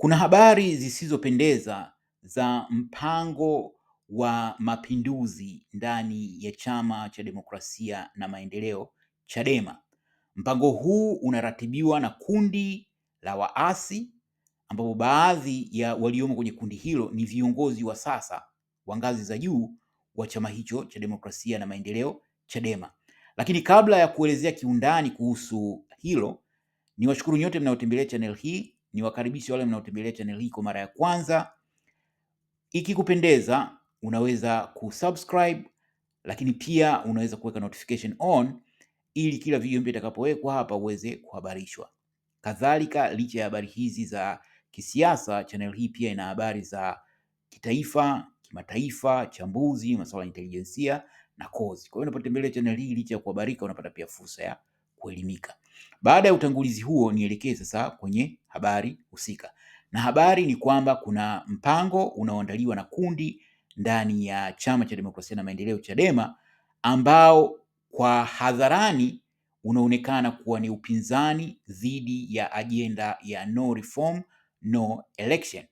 Kuna habari zisizopendeza za mpango wa mapinduzi ndani ya Chama cha Demokrasia na Maendeleo Chadema. Mpango huu unaratibiwa na kundi la waasi ambapo baadhi ya waliomo kwenye kundi hilo ni viongozi wa sasa wa ngazi za juu wa chama hicho cha Demokrasia na Maendeleo Chadema. Lakini kabla ya kuelezea kiundani kuhusu hilo, niwashukuru nyote mnaotembelea channel hii niwakaribishe wale mnaotembelea channel hii kwa mara ya kwanza. Ikikupendeza unaweza kusubscribe, lakini pia unaweza kuweka notification on ili kila video mpya itakapowekwa hapa uweze kuhabarishwa. Kadhalika, licha ya habari hizi za kisiasa, channel hii pia ina habari za kitaifa, kimataifa, chambuzi, masuala ya intelijensia na kozi. Kwa hiyo unapotembelea channel hii, licha ya kuhabarika, unapata pia fursa ya kuelimika. Baada ya utangulizi huo, nielekee sasa kwenye habari husika, na habari ni kwamba kuna mpango unaoandaliwa na kundi ndani ya Chama cha Demokrasia na Maendeleo, Chadema, ambao kwa hadharani unaonekana kuwa ni upinzani dhidi ya ajenda ya no reform no election.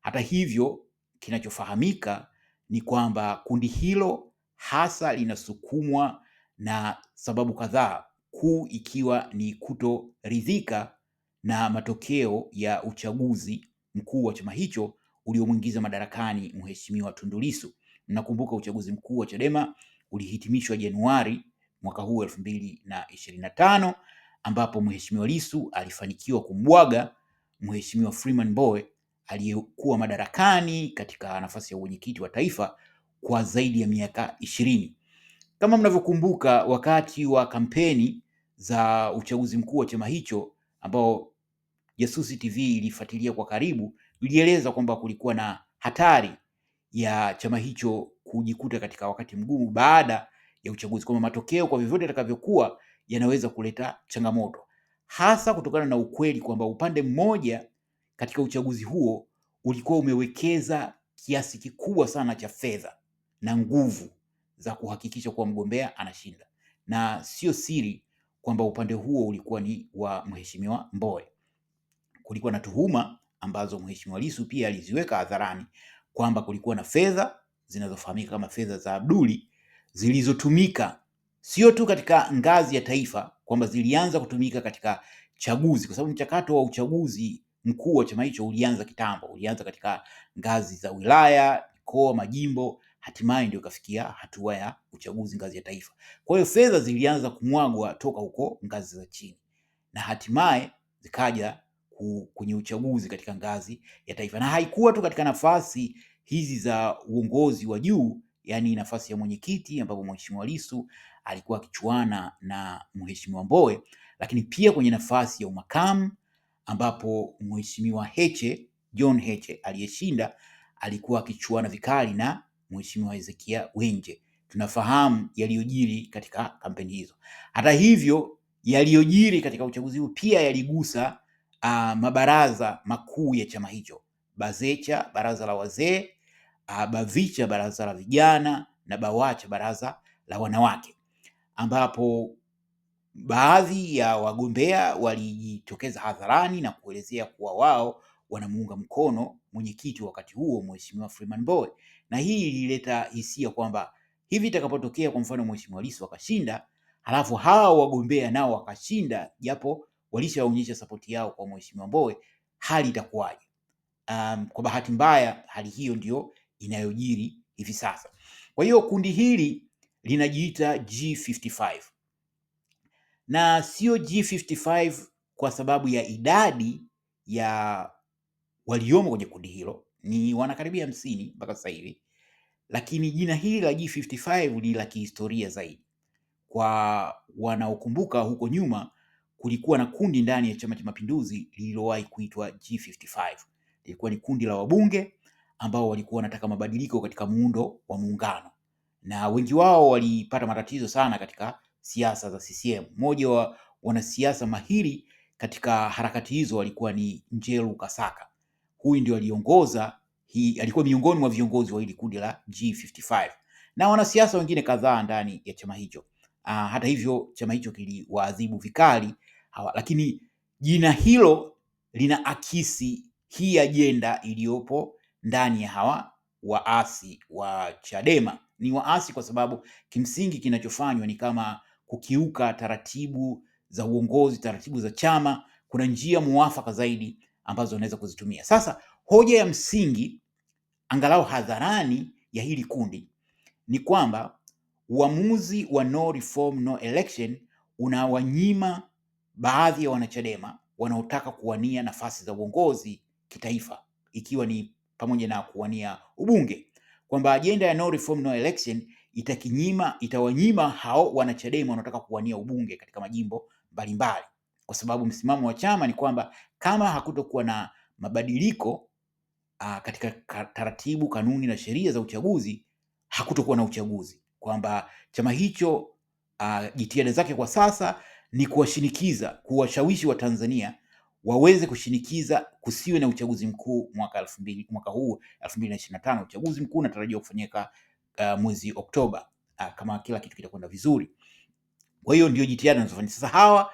Hata hivyo, kinachofahamika ni kwamba kundi hilo hasa linasukumwa na sababu kadhaa kuu ikiwa ni kutoridhika na matokeo ya uchaguzi mkuu wa chama hicho uliomwingiza madarakani Mheshimiwa Tundu Lissu. Mnakumbuka uchaguzi mkuu wa Chadema ulihitimishwa Januari mwaka huu elfu mbili na ishirini na tano ambapo Mheshimiwa Lissu alifanikiwa kumbwaga Mheshimiwa Freeman Mbowe aliyekuwa madarakani katika nafasi ya uwenyekiti wa taifa kwa zaidi ya miaka ishirini. Kama mnavyokumbuka, wakati wa kampeni za uchaguzi mkuu wa chama hicho ambao Jasusi TV ilifuatilia kwa karibu, ilieleza kwamba kulikuwa na hatari ya chama hicho kujikuta katika wakati mgumu baada ya uchaguzi, kwamba matokeo kwa vyovyote yatakavyokuwa yanaweza kuleta changamoto, hasa kutokana na ukweli kwamba upande mmoja katika uchaguzi huo ulikuwa umewekeza kiasi kikubwa sana cha fedha na nguvu za kuhakikisha kuwa mgombea anashinda, na sio siri kwamba upande huo ulikuwa ni wa mheshimiwa Mbowe. Kulikuwa na tuhuma ambazo mheshimiwa Lissu pia aliziweka hadharani kwamba kulikuwa na fedha zinazofahamika kama fedha za Abduli zilizotumika sio tu katika ngazi ya taifa, kwamba zilianza kutumika katika chaguzi, kwa sababu mchakato wa uchaguzi mkuu wa chama hicho ulianza kitambo, ulianza katika ngazi za wilaya, mikoa, majimbo hatimaye ndio ikafikia hatua ya uchaguzi ngazi ya taifa. Kwa hiyo fedha zilianza kumwagwa toka huko ngazi za chini na hatimaye zikaja kwenye uchaguzi katika ngazi ya taifa, na haikuwa tu katika nafasi hizi za uongozi wa juu, yaani nafasi ya mwenyekiti ambapo Mheshimiwa Lissu alikuwa akichuana na Mheshimiwa Mbowe, lakini pia kwenye nafasi ya umakamu ambapo Mheshimiwa Heche John Heche aliyeshinda alikuwa akichuana vikali na Mheshimiwa Hezekia Wenje. Tunafahamu yaliyojiri katika kampeni hizo. Hata hivyo, yaliyojiri katika uchaguzi huu pia yaligusa uh, mabaraza makuu ya chama hicho, Bazecha baraza la wazee, uh, Bavicha baraza la vijana na Bawacha baraza la wanawake, ambapo baadhi ya wagombea walijitokeza hadharani na kuelezea kuwa wao wanamuunga mkono mwenyekiti wakati huo Mheshimiwa Freeman Mbowe, na hii ilileta hisia kwamba hivi itakapotokea kwa mfano Mheshimiwa Lissu wakashinda, halafu hawa wagombea nao wakashinda, japo walishaonyesha sapoti yao kwa Mheshimiwa Mbowe, hali itakuwaje? Um, kwa bahati mbaya hali hiyo ndio inayojiri hivi sasa. Kwa hiyo kundi hili linajiita G55 na sio G55 kwa sababu ya idadi ya waliomo kwenye kundi hilo ni wanakaribia hamsini mpaka sasa hivi, lakini jina hili la G55 ni la kihistoria zaidi. Kwa wanaokumbuka, huko nyuma kulikuwa na kundi ndani ya Chama cha Mapinduzi lililowahi kuitwa G55. Lilikuwa ni kundi la wabunge ambao walikuwa wanataka mabadiliko katika muundo wa muungano, na wengi wao walipata matatizo sana katika siasa za CCM. Mmoja wa wanasiasa mahiri katika harakati hizo alikuwa ni Njelu Kasaka Huyu ndio aliongoza hii, alikuwa miongoni mwa viongozi wa ile kundi la G55 na wanasiasa wengine kadhaa ndani ya chama hicho. Uh, hata hivyo chama hicho kiliwaadhibu vikali hawa, lakini jina hilo lina akisi hii ajenda iliyopo ndani ya hawa waasi wa Chadema. Ni waasi kwa sababu kimsingi kinachofanywa ni kama kukiuka taratibu za uongozi, taratibu za chama. Kuna njia muafaka zaidi ambazo unaweza kuzitumia. Sasa hoja ya msingi angalau hadharani ya hili kundi ni kwamba uamuzi wa no reform no election unawanyima baadhi ya wanachadema wanaotaka kuwania nafasi za uongozi kitaifa, ikiwa ni pamoja na kuwania ubunge, kwamba ajenda ya no reform no election itakinyima itawanyima hao wanachadema wanaotaka kuwania ubunge katika majimbo mbalimbali, kwa sababu msimamo wa chama ni kwamba kama hakutokuwa na mabadiliko a, ah, katika taratibu, kanuni na sheria za uchaguzi, hakutokuwa na uchaguzi, kwamba chama hicho ah, jitihada zake kwa sasa ni kuwashinikiza, kuwashawishi Watanzania waweze kushinikiza kusiwe na uchaguzi mkuu mwaka elfu mbili mwaka huu 2025. Uchaguzi mkuu unatarajiwa kufanyika uh, mwezi Oktoba uh, kama kila kitu kitakwenda vizuri. Kwa hiyo ndio jitihada anazofanya sasa hawa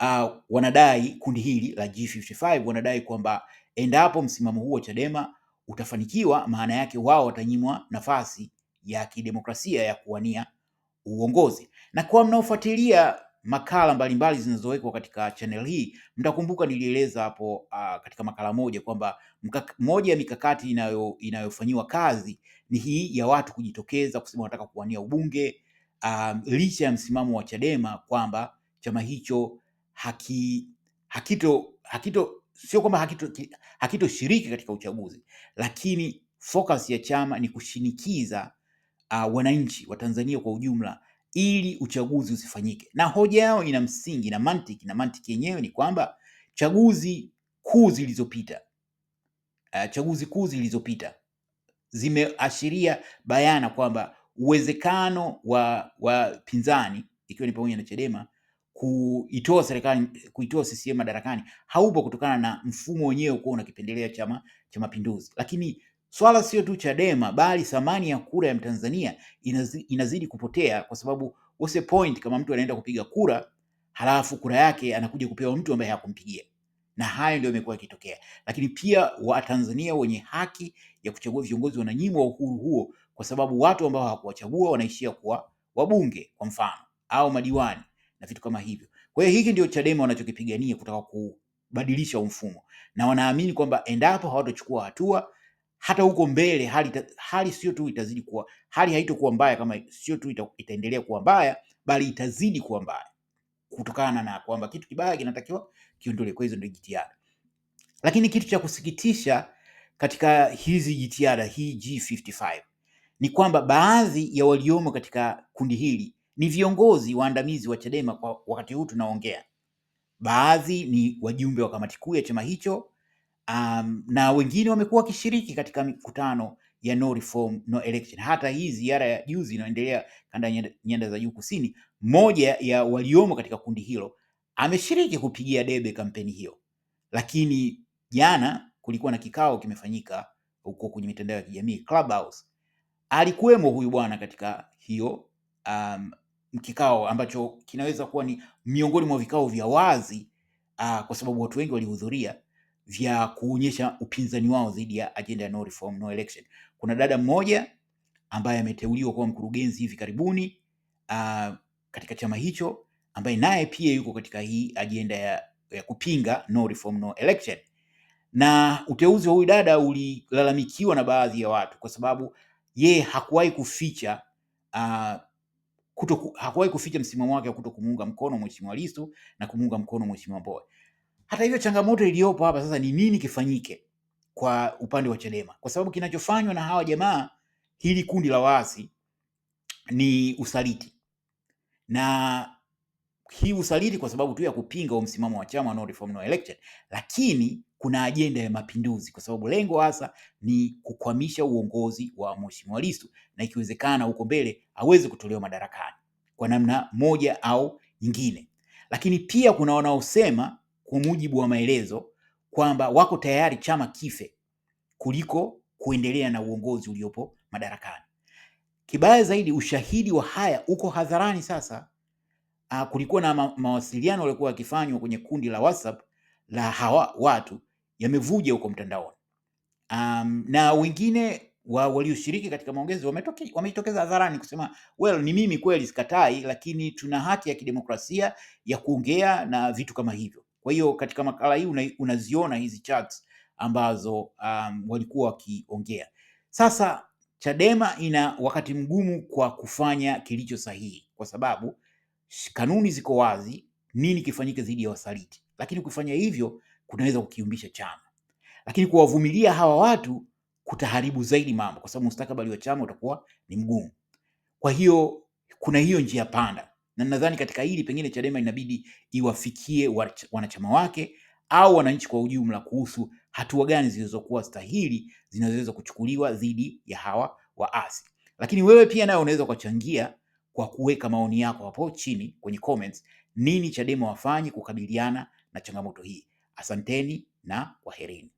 uh, wanadai kundi hili la G55 wanadai kwamba endapo msimamo huu wa Chadema utafanikiwa, maana yake wao watanyimwa nafasi ya kidemokrasia ya kuwania uongozi. Na kwa mnaofuatilia makala mbalimbali zinazowekwa katika channel hii, mtakumbuka nilieleza hapo uh, katika makala moja kwamba moja ya mikakati inayo, inayofanyiwa kazi ni hii ya watu kujitokeza kusema wanataka kuwania ubunge uh, licha ya msimamo wa Chadema kwamba chama hicho haki, hakito, hakito sio kwamba hakitoshiriki hakito katika uchaguzi, lakini focus ya chama ni kushinikiza uh, wananchi wa Tanzania kwa ujumla ili uchaguzi usifanyike, na hoja yao ina msingi na mantiki, na mantiki yenyewe ni kwamba chaguzi kuu zilizopita uh, chaguzi kuu zilizopita zimeashiria bayana kwamba uwezekano wa pinzani ikiwa ni pamoja na Chadema kuitoa serikali, kuitoa CCM madarakani haupo kutokana na mfumo wenyewe kuwa unakipendelea Chama cha Mapinduzi. Lakini swala sio tu Chadema, bali thamani ya kura ya Mtanzania inazidi, inazidi kupotea kwa sababu what's the point kama mtu anaenda kupiga kura halafu kura yake anakuja kupewa mtu ambaye hakumpigia na hayo ndio yamekuwa kitokea Lakini pia Watanzania wenye haki ya kuchagua viongozi wananyimwa uhuru huo, kwa sababu watu ambao hawakuwachagua wanaishia kuwa wabunge kwa mfano au madiwani na vitu kama hivyo. Kwa hiyo hiki ndio Chadema wanachokipigania kutaka kubadilisha mfumo, na wanaamini kwamba endapo hawatochukua hatua hata huko mbele hali, hali sio tu itazidi kuwa hali haitokuwa mbaya kama sio tu ita, itaendelea kuwa mbaya bali itazidi kuwa mbaya kutokana na kwamba kitu kibaya kinatakiwa kiondolewe. Kwa hizo ndio jitihada, lakini kitu cha kusikitisha katika hizi jitihada hii G55 ni kwamba baadhi ya waliomo katika kundi hili ni viongozi waandamizi wa Chadema kwa wakati huu tunaongea, baadhi ni wajumbe wa kamati kuu ya chama hicho, um, na wengine wamekuwa wakishiriki katika mikutano ya no reform, no election. Hata hii ziara ya juzi inaendelea kanda ya nyanda za juu kusini, moja ya waliomo katika kundi hilo ameshiriki kupigia debe kampeni hiyo, lakini jana kulikuwa na kikao kimefanyika huko kwenye mitandao ya kijamii Clubhouse, alikuwemo huyu bwana katika hiyo um, kikao ambacho kinaweza kuwa ni miongoni mwa vikao vya wazi uh, kwa sababu watu wengi walihudhuria vya kuonyesha upinzani wao dhidi ya ajenda ya no reform no election. Kuna dada mmoja ambaye ameteuliwa kuwa mkurugenzi hivi karibuni uh, katika chama hicho ambaye naye pia yuko katika hii ajenda ya, ya kupinga no reform no election, na uteuzi wa huyu dada ulilalamikiwa na baadhi ya watu kwa sababu ye hakuwahi kuficha uh, kuto, hakuwahi kuficha msimamo wake wa kuto kumuunga mkono Mheshimiwa Lissu na kumuunga mkono Mheshimiwa Mbowe. Hata hivyo, changamoto iliyopo hapa sasa ni nini kifanyike kwa upande wa Chadema, kwa sababu kinachofanywa na hawa jamaa, hili kundi la waasi ni usaliti na hii usaliti kwa sababu tu ya kupinga huo msimamo wa chama no reform no election, lakini kuna ajenda ya mapinduzi, kwa sababu lengo hasa ni kukwamisha uongozi wa Mheshimiwa Lissu na ikiwezekana huko mbele aweze kutolewa madarakani kwa namna moja au nyingine. Lakini pia kuna wanaosema kwa mujibu wa maelezo kwamba wako tayari chama kife kuliko kuendelea na uongozi uliopo madarakani. Kibaya zaidi, ushahidi wa haya uko hadharani sasa uh, kulikuwa na ma mawasiliano yaliyokuwa wakifanywa kwenye kundi la WhatsApp la hawa watu yamevuja huko mtandaoni. Um, na wengine wa walioshiriki katika maongezi wametokeza hadharani kusema well, ni mimi kweli sikatai, lakini tuna haki ya kidemokrasia ya kuongea na vitu kama hivyo. Kwa hiyo katika makala hii una, unaziona hizi chats ambazo um, walikuwa wakiongea. Sasa Chadema ina wakati mgumu kwa kufanya kilicho sahihi kwa sababu kanuni ziko wazi, nini kifanyike dhidi ya wasaliti, lakini ukifanya hivyo kunaweza kukiumbisha chama, lakini kuwavumilia hawa watu kutaharibu zaidi mambo, kwa sababu mustakabali wa chama utakuwa ni mgumu. Kwa hiyo kuna hiyo njia panda, na nadhani katika hili pengine Chadema inabidi iwafikie wanachama wake au wananchi kwa ujumla kuhusu hatua gani zilizokuwa stahili zinazoweza kuchukuliwa dhidi ya hawa waasi. Lakini wewe pia nayo unaweza ukachangia kwa kuweka maoni yako hapo chini kwenye comments, nini Chadema wafanye kukabiliana na changamoto hii. Asanteni na kwaherini.